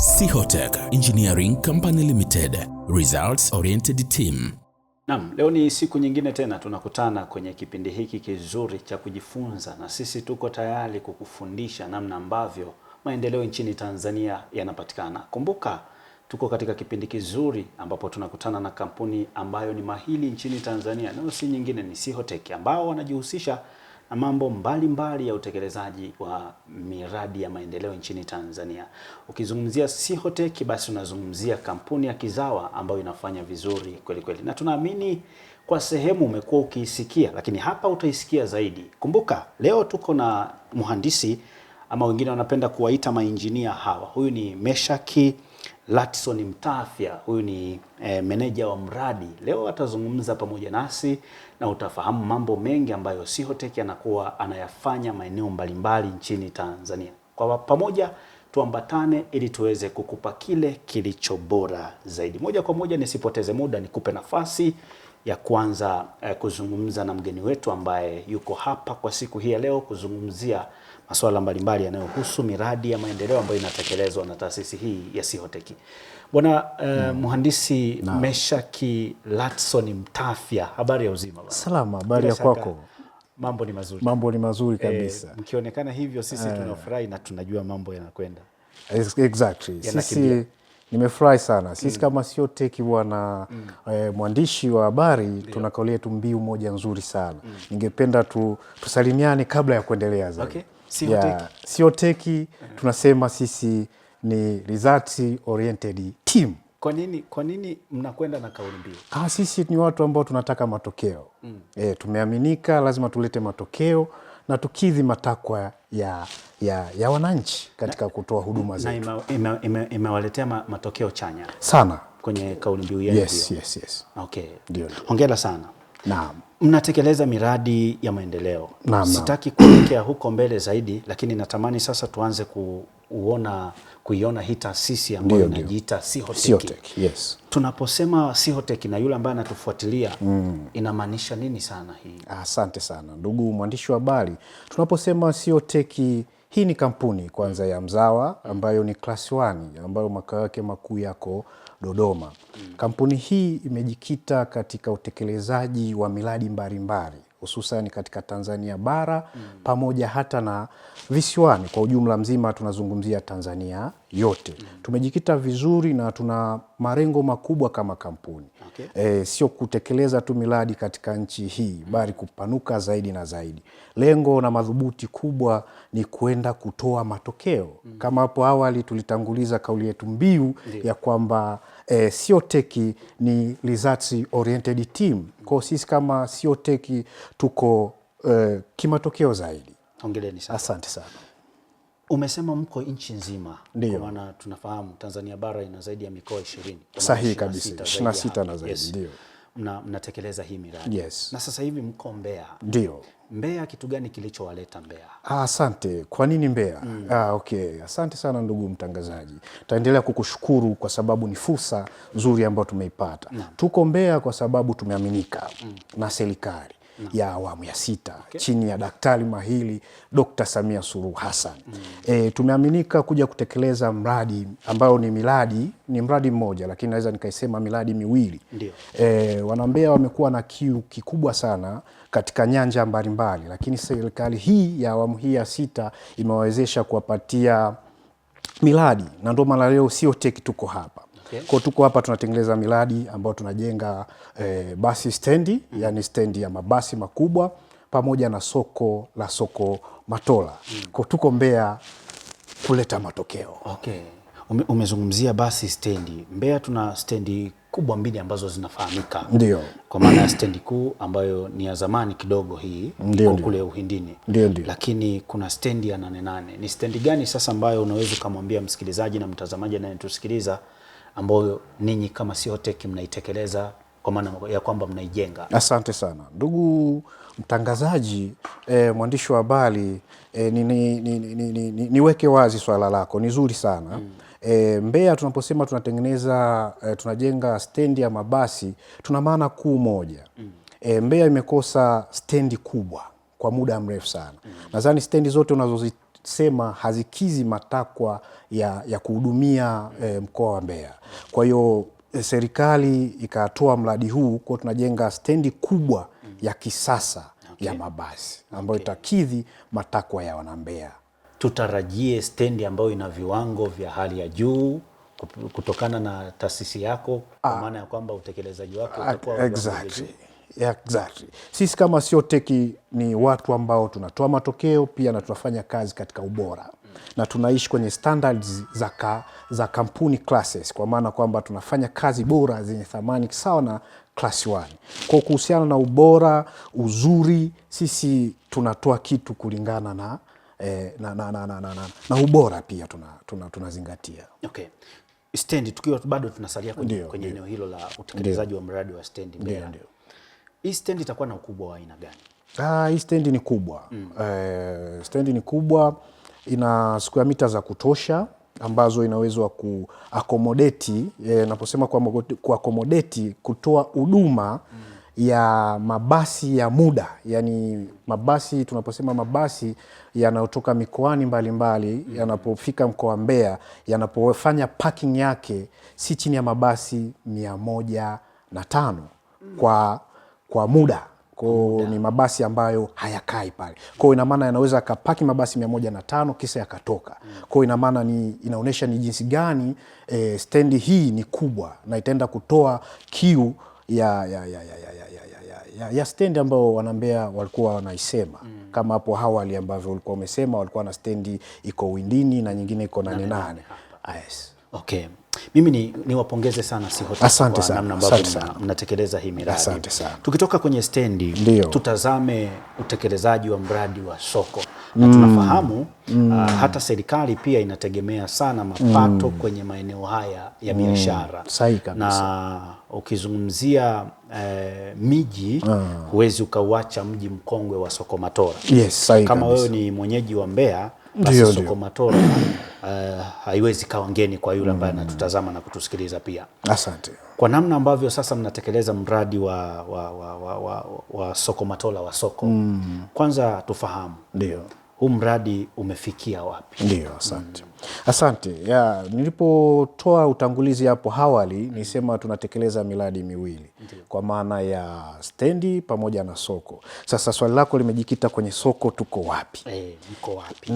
Sihotech Engineering Company Limited, results oriented team. Naam, leo ni siku nyingine tena tunakutana kwenye kipindi hiki kizuri cha kujifunza, na sisi tuko tayari kukufundisha namna ambavyo maendeleo nchini Tanzania yanapatikana. Kumbuka tuko katika kipindi kizuri ambapo tunakutana na kampuni ambayo ni mahili nchini Tanzania, nayo si nyingine ni Sihotech ambao wanajihusisha na mambo mbalimbali mbali ya utekelezaji wa miradi ya maendeleo nchini Tanzania. Ukizungumzia Sihotech basi unazungumzia kampuni ya Kizawa ambayo inafanya vizuri kweli kweli, na tunaamini kwa sehemu umekuwa ukiisikia, lakini hapa utaisikia zaidi. Kumbuka leo tuko na mhandisi ama wengine wanapenda kuwaita mainjinia hawa. Huyu ni Meshaki Latson Mtafya, huyu ni e, meneja wa mradi. Leo atazungumza pamoja nasi na utafahamu mambo mengi ambayo Sihotech anakuwa anayafanya maeneo mbalimbali nchini Tanzania. Kwa pamoja tuambatane ili tuweze kukupa kile kilicho bora zaidi. Moja kwa moja, nisipoteze muda, nikupe nafasi ya kwanza eh, kuzungumza na mgeni wetu ambaye yuko hapa kwa siku hii ya leo kuzungumzia masuala mbalimbali yanayohusu miradi ya maendeleo ambayo inatekelezwa na taasisi hii ya Sihotech. Bwana eh, mhandisi na Meshaki Latson Mtafya, habari ya uzima bwana? Salama, habari ya kwako? Mambo ni mazuri, mambo ni mazuri eh, kabisa. Eh, mkionekana hivyo sisi eh, tunafurahi na tunajua mambo yanakwenda exactly. Sisi Nimefurahi sana sisi mm. kama sio teki bwana mm. e, mwandishi wa habari tuna kauli yetu mbiu moja nzuri sana mm. ningependa tu, tusalimiane kabla ya kuendelea zaidi. Okay. Sio yeah. teki, teki mm. tunasema sisi ni result oriented team. Kwa nini, kwa nini mnakwenda na kauli mbiu? Ah, sisi ni watu ambao tunataka matokeo mm. e, tumeaminika lazima tulete matokeo na tukidhi matakwa ya, ya, ya wananchi katika na, kutoa huduma zetu imewaletea matokeo chanya sana kwenye kauli mbiu yenu. Yes, yes, yes. Okay. Hongera sana. Naam. Mnatekeleza miradi ya maendeleo. Naam, sitaki kuelekea huko mbele zaidi, lakini natamani sasa tuanze ku kuona kuiona hii taasisi ambayo inajiita Sihotech. Yes. Tunaposema Sihotech na yule ambaye anatufuatilia mm. inamaanisha nini sana hii? Asante sana ndugu mwandishi wa habari, tunaposema Sihotech hii ni kampuni kwanza ya mzawa ambayo ni class 1 ambayo makao yake makuu yako Dodoma. Mm. Kampuni hii imejikita katika utekelezaji wa miradi mbalimbali hususan katika Tanzania bara mm. pamoja hata na visiwani kwa ujumla mzima, tunazungumzia Tanzania yote mm. tumejikita vizuri na tuna malengo makubwa kama kampuni okay. E, sio kutekeleza tu miradi katika nchi hii mm. bali kupanuka zaidi na zaidi. Lengo na madhubuti kubwa ni kwenda kutoa matokeo mm. Kama hapo awali tulitanguliza kauli yetu mbiu ya kwamba e, teki ni results oriented team. Mm. Kwa sisi kama sio teki tuko e, kimatokeo zaidi. Hongereni sana. Asante sana. Umesema mko nchi nzima, ndio maana tunafahamu Tanzania bara ina zaidi ya mikoa 20. Sahihi kabisa, 26 na zaidi yes. Ndio mnatekeleza hii miradi yes. Na sasa hivi mko Mbeya, ndio Mbeya, kitu gani kilichowaleta Mbeya? Ah, asante. Kwa nini Mbeya? mm. Ah, okay. Asante sana ndugu mtangazaji, taendelea kukushukuru kwa sababu ni fursa nzuri ambayo tumeipata. mm. Tuko Mbeya kwa sababu tumeaminika mm. na serikali ya awamu ya sita okay. chini ya daktari mahili Dr. Samia Suluhu Hassan mm. E, tumeaminika kuja kutekeleza mradi ambao ni miradi ni mradi mmoja lakini naweza nikaisema miradi miwili e, wanambea wamekuwa na kiu kikubwa sana katika nyanja mbalimbali, lakini serikali hii ya awamu hii ya sita imewawezesha kuwapatia miradi na ndio maana leo sio teki tuko hapa Okay. Kwa tuko hapa tunatengeneza miradi ambayo tunajenga eh, basi stendi mm yani stendi ya mabasi makubwa pamoja na soko la soko Matola mm Kwa tuko Mbeya kuleta matokeo. Okay. umezungumzia basi stendi. Mbeya tuna stendi kubwa mbili ambazo zinafahamika, ndio kwa maana ya stendi kuu ambayo ni ya zamani kidogo hii ndio kule Uhindini, ndio ndio, lakini kuna stendi ya Nane Nane. Ni stendi gani sasa ambayo unaweza ukamwambia msikilizaji na mtazamaji anayetusikiliza ambayo ninyi kama Siotech mnaitekeleza kwa maana ya kwamba mnaijenga. Asante sana ndugu mtangazaji, e, mwandishi wa habari e, eh, niweke ni, ni, ni, ni, ni wazi swala lako ni zuri sana mm. E, Mbeya tunaposema tunatengeneza e, tunajenga stendi ya mabasi tuna maana kuu moja mm. E, Mbeya imekosa stendi kubwa kwa muda mrefu sana mm. Nadhani stendi zote unazozi sema hazikizi matakwa ya, ya kuhudumia e, mkoa wa Mbeya. Kwa hiyo eh, serikali ikatoa mradi huu kwa tunajenga stendi kubwa ya kisasa okay, ya mabasi ambayo okay, itakidhi matakwa ya wanambea. Tutarajie stendi ambayo ina viwango vya hali ya juu kutokana na taasisi yako, kwa ah. maana ya kwamba utekelezaji wake ah, utakuwa exactly. Exactly. Sisi kama sio teki ni watu ambao tunatoa matokeo pia na tunafanya kazi katika ubora na tunaishi kwenye standards za, ka, za kampuni classes, kwa maana kwamba tunafanya kazi bora zenye thamani sawa na class 1. Kwa kuhusiana na ubora, uzuri, sisi tunatoa kitu kulingana na, eh, na, na, na, na, na, na, na ubora pia tunazingatia tuna, tuna okay. Stendi tukiwa bado tunasalia kwenye, kwenye eneo hilo la utekelezaji wa mradi wa stendi mbele hii stendi itakuwa na ukubwa wa aina gani? Ah, hii stendi ni kubwa mm. Eh, stendi ni kubwa, ina square mita za kutosha ambazo inaweza kuakomodeti. Eh, naposema eh, accommodate kutoa huduma mm ya mabasi ya muda, yani mabasi, tunaposema mabasi yanayotoka mikoani mbalimbali mm yanapofika mkoa Mbeya, yanapofanya parking yake si chini ya mabasi mia moja na tano mm kwa kwa muda ko ni mabasi ambayo hayakai pale kwao, ina maana yanaweza akapaki mabasi mia moja na tano kisa yakatoka kwao, ina maana ni inaonyesha ni jinsi gani e, stendi hii ni kubwa na itaenda kutoa kiu ya, ya, ya, ya, ya, ya, ya, ya, ya stendi ambayo wanambea walikuwa wanaisema mm. Kama hapo awali ambavyo ulikuwa umesema walikuwa na stendi iko Windini na nyingine iko Nane Nane. Yes. Okay. Mimi ni niwapongeze sana Sihota. Asante sana. Namna ambavyo mnatekeleza hii miradi. Asante sana. Tukitoka kwenye stendi tutazame utekelezaji wa mradi wa soko na mm. tunafahamu mm. Uh, hata serikali pia inategemea sana mapato mm. kwenye maeneo haya ya mm. biashara na ukizungumzia eh, miji mm. huwezi ukauacha mji mkongwe wa Sokomatora. Yes, kama wewe ni mwenyeji wa Mbeya matoro uh, haiwezi kawa ngeni kwa yule ambaye mm. anatutazama na kutusikiliza pia. Asante kwa namna ambavyo sasa mnatekeleza mradi wa, wa, wa, wa, wa, wa matola wa soko mm. Kwanza tufahamu ndio huu mradi umefikia wapi? Ndio, asante mm. Asante ya, nilipotoa utangulizi hapo awali nisema tunatekeleza miradi miwili Ndiyo. Kwa maana ya stendi pamoja na soko. Sasa swali lako limejikita kwenye soko, tuko wapi? E, eh, mko wapi?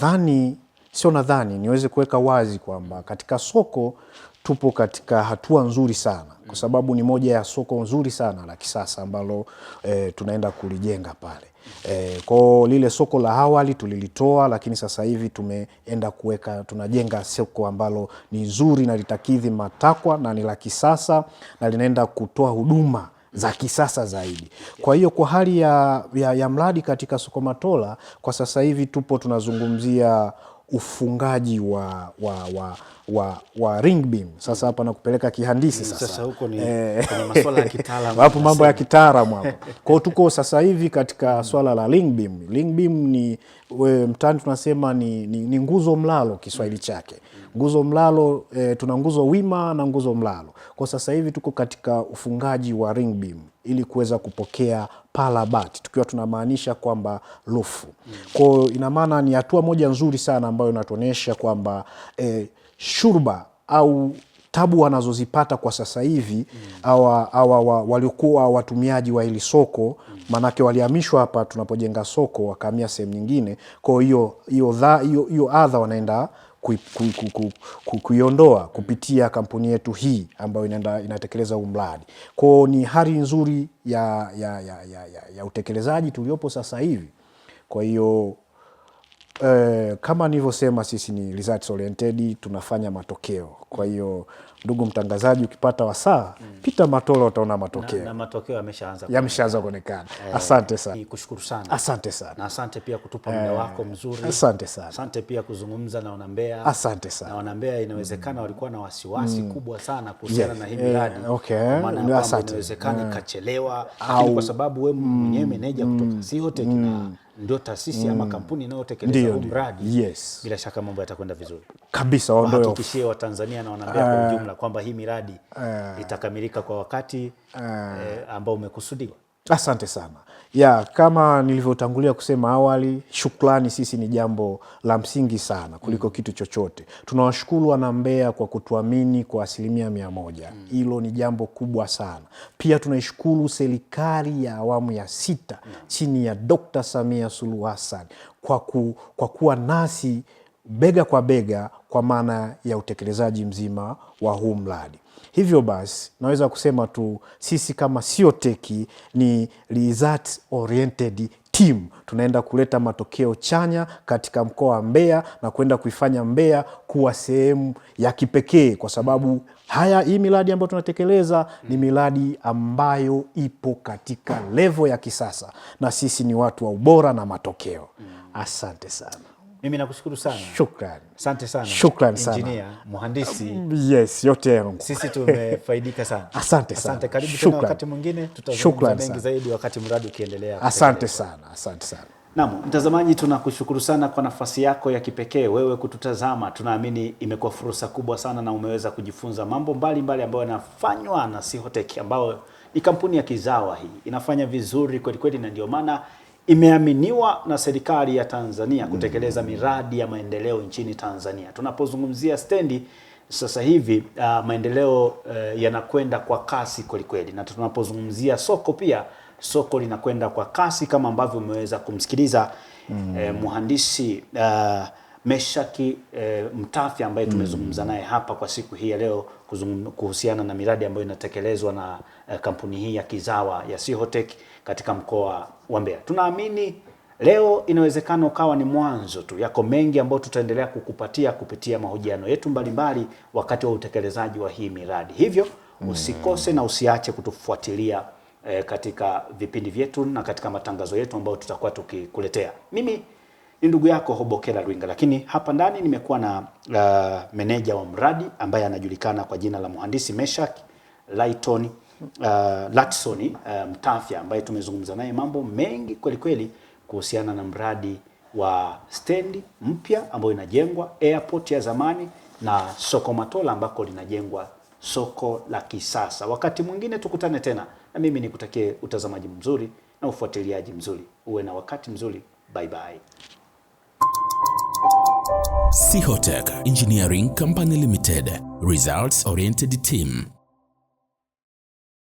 dhani sio, nadhani niweze kuweka wazi kwamba katika soko tupo katika hatua nzuri sana kwa sababu ni moja ya soko nzuri sana la kisasa ambalo e, tunaenda kulijenga pale e, kwa Lile soko la awali tulilitoa, lakini sasa hivi tumeenda kuweka, tunajenga soko ambalo ni nzuri na litakidhi matakwa na ni la kisasa na linaenda kutoa huduma za kisasa zaidi. Kwa hiyo kwa hali ya, ya, ya mradi katika soko Matola kwa sasa hivi tupo tunazungumzia ufungaji wa, wa, wa, wa, wa ring beam. Sasa hapa nakupeleka kihandisi mm, sasa, sasa huko ni eh. masuala ya kitaalamu hapo, mambo ya kitaalamu hapo. Kwa hiyo tuko sasa hivi katika swala la ring beam. Ring beam ni mtani tunasema ni, ni, ni nguzo mlalo Kiswahili chake Nguzo mlalo e, tuna nguzo wima na nguzo mlalo. Kwa sasa hivi tuko katika ufungaji wa ring beam ili kuweza kupokea palabati tukiwa tunamaanisha kwamba lufu. Kwa hiyo ina maana ni hatua moja nzuri sana ambayo inatuonyesha kwamba e, shurba au tabu wanazozipata kwa sasa hivi wa, waliokuwa watumiaji wa hili soko, maanake walihamishwa hapa tunapojenga soko wakahamia sehemu nyingine. Kwa hiyo hiyo adha wanaenda kuiondoa kupitia kampuni yetu hii ambayo inaenda, inatekeleza huu mradi. Kwao ni hali nzuri ya, ya, ya, ya, ya, ya utekelezaji tuliopo sasa hivi. Kwa hiyo Eh, kama nilivyosema sisi ni results oriented, tunafanya matokeo. Kwa hiyo ndugu mtangazaji, ukipata wasaa mm. pita Matola utaona matokeo na, na matokeo yameshaanza yameshaanza kuonekana. Eh, asante sana, nikushukuru sana, asante sana na asante pia kutupa muda eh, wako mzuri, asante sana, asante pia kuzungumza na wanambea, asante sana na wanambea. Inawezekana mm. walikuwa na wasiwasi mm. kubwa sana kuhusiana yeah. na hii miradi eh, okay. maana inawezekana eh. Mm. kachelewa au kwa sababu wewe mwenyewe mm. meneja kutoka mm. si yote kina mm ndio taasisi mm. ama kampuni inayotekeleza mradi yes. Bila shaka mambo yatakwenda vizuri kabisa. Wahakikishie Watanzania na wanambea uh, kwa eh. ujumla kwamba hii miradi uh, itakamilika kwa wakati uh, eh, ambao umekusudiwa. Asante sana ya kama nilivyotangulia kusema awali, shukrani sisi ni jambo la msingi sana kuliko mm. kitu chochote. Tunawashukuru wana Mbeya kwa kutuamini kwa asilimia mia moja, mm. hilo mm. ni jambo kubwa sana. Pia tunaishukuru serikali ya awamu ya sita mm. chini ya dokta Samia Suluhu Hassan kwa, ku, kwa kuwa nasi bega kwa bega kwa maana ya utekelezaji mzima wa huu mradi. Hivyo basi naweza kusema tu sisi kama Siotech ni result oriented team, tunaenda kuleta matokeo chanya katika mkoa wa Mbeya na kwenda kuifanya Mbeya kuwa sehemu ya kipekee, kwa sababu haya hii miradi ambayo tunatekeleza ni miradi ambayo ipo katika levo ya kisasa, na sisi ni watu wa ubora na matokeo. Asante sana. Mimi nakushukuru sana. Shukrani. Asante sana. Shukrani sana. Engineer, mhandisi. Um, yes, yote yangu. Sisi tumefaidika sana. Asante sana. Asante, karibu tena wakati mwingine tutazungumza mengi zaidi wakati mradi ukiendelea. Asante sana. Asante sana. Naam, mtazamaji tunakushukuru sana kwa nafasi yako ya kipekee wewe kututazama. Tunaamini imekuwa fursa kubwa sana na umeweza kujifunza mambo mbalimbali ambayo yanafanywa na Sihotech ambayo ni kampuni ya kizawa hii. Inafanya vizuri kweli kweli na ndio maana imeaminiwa na serikali ya Tanzania kutekeleza miradi ya maendeleo nchini Tanzania. Tunapozungumzia stendi sasa hivi uh, maendeleo uh, yanakwenda kwa kasi kwelikweli, na tunapozungumzia soko pia soko linakwenda kwa kasi kama ambavyo umeweza kumsikiliza mm. eh, mhandisi uh, Meshaki eh, Mtafi ambaye mm. tumezungumza naye hapa kwa siku hii ya leo kuhusiana na miradi ambayo inatekelezwa na eh, kampuni hii ya Kizawa ya Sihotech katika mkoa wa Mbeya. Tunaamini leo inawezekana ukawa ni mwanzo tu, yako mengi ambayo tutaendelea kukupatia kupitia mahojiano yetu mbalimbali wakati wa utekelezaji wa hii miradi, hivyo mm. usikose na usiache kutufuatilia eh, katika vipindi vyetu na katika matangazo yetu ambayo tutakuwa tukikuletea. Mimi ni ndugu yako Hobokela Lwinga, lakini hapa ndani nimekuwa na uh, meneja wa mradi ambaye anajulikana kwa jina la Mhandisi Meshak Lighton uh, Latsoni uh, Mtafya ambaye tumezungumza naye mambo mengi kweli kweli kuhusiana na mradi wa stendi mpya ambayo inajengwa, airport ya zamani na soko Matola ambako linajengwa soko la kisasa. Wakati mwingine tukutane tena, na mimi nikutakie utazamaji mzuri na ufuatiliaji mzuri. Uwe na wakati mzuri, bye bye. Sihotech Engineering Company Limited, results oriented team.